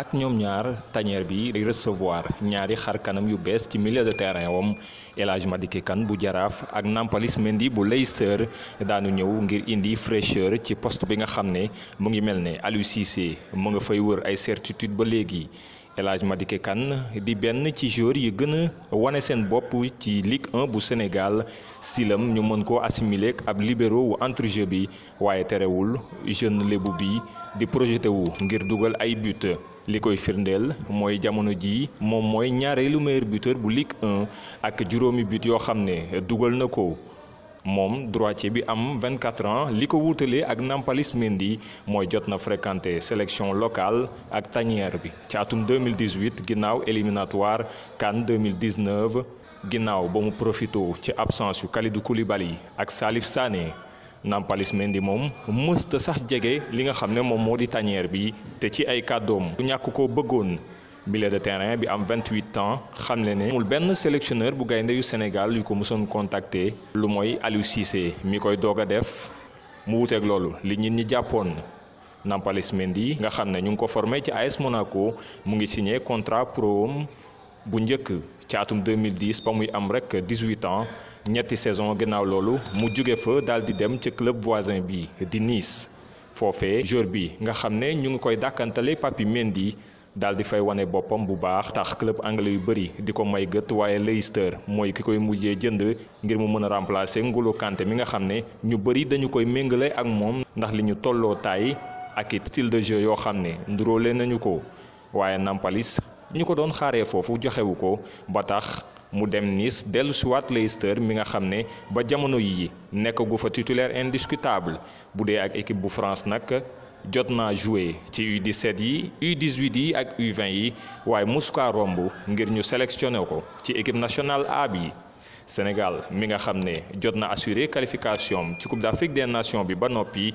ak ñom ñaar tanière bi day recevoir ñaari xar kanam yu bees ci milieu de terrain wam El Madike Madické Kane bu Jaraaf ak Nampalis Mendy bu Leicester daanu ñëw ngir indi fraîcheur ci poste bi nga xamné mu ngi mel ne Aliou Cissé mu nga fay wër ay certitude ba légui El Madike Madické Kane di benn ci joueur yu gën a wane seen bopp ci Ligue 1 bu Sénégal stilam ñu mën ko assimiler ak ab libéro wu entrejeu bi waaye téréwul jeune lébu bi di projeté wu ngir duggal ay buts Lico firndel moy jamono meilleur buteur 1 ak été but yo xamné dugal am 24 ans liko ak Nampalis sélection locale ak bi 2018 ginnaw éliminatoire CAN 2019 ginnaw bon profito ci absence Koulibaly ak Salif Nampalys Mendy moom mësta sax jege li nga xam ne moom moo di tanière bi te ci ay kàddoom du ñàkk koo bëggoon milieu de terrain bi am 28 ans xam ne ne amul benn sélectionneur bu gaynde yu Sénégal yu ko mësoon contacter lu mooy Aliou Cissé mi koy doog a def mu wuteeg loolu li nit ñi jàppoon Nampalys Mendy nga xam ne ñu ngi ko formé ci AS Monaco mu ngi signé contrat pro bu njëkk ci atum 2010 ba muy am rek 18 ans ñetti saison gannaaw loolu mu jóge fa daal di dem ci club voisin bi di Nice foofee joueur bi nga xam ne ñu ngi koy dàkkantale Papi Mendy daal di fay wane boppam bu baax tax club anglais yu bëri di ko may gët waaye Leicester mooy ki koy mujjee jënd ngir mu mën a remplacer N'Golo Kanté mi nga xam ne ñu bëri dañu koy méngale ak moom ndax li ñu tolloo taay ak it style de jeu yoo xam ne nduróole nañu ko waaye Nampalis ñu ko doon xaaree foofu joxewu ko ba tax mu dem Nice suwat Leicester mi nga xam ba jamono yi nek gu fa titulaire indiscutable Boudé, ak équipe bu France nak jotna jouer joué ci U17 yi U18 yi ak U20 yi waaye musukaa Rombo ngir ñu sélectionner ko ci équipe nationale A bi. Sénégal mi nga xam jotna assurer qualification ci Coupe d'Afrique des Nations bi ba nopi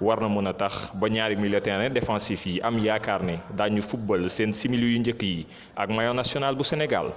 war na mën a tax ba ñaari milieu terrain défensif yi am yaakaar ne daañu football seen simili yu njëkk yi ak mayo national bu senegaal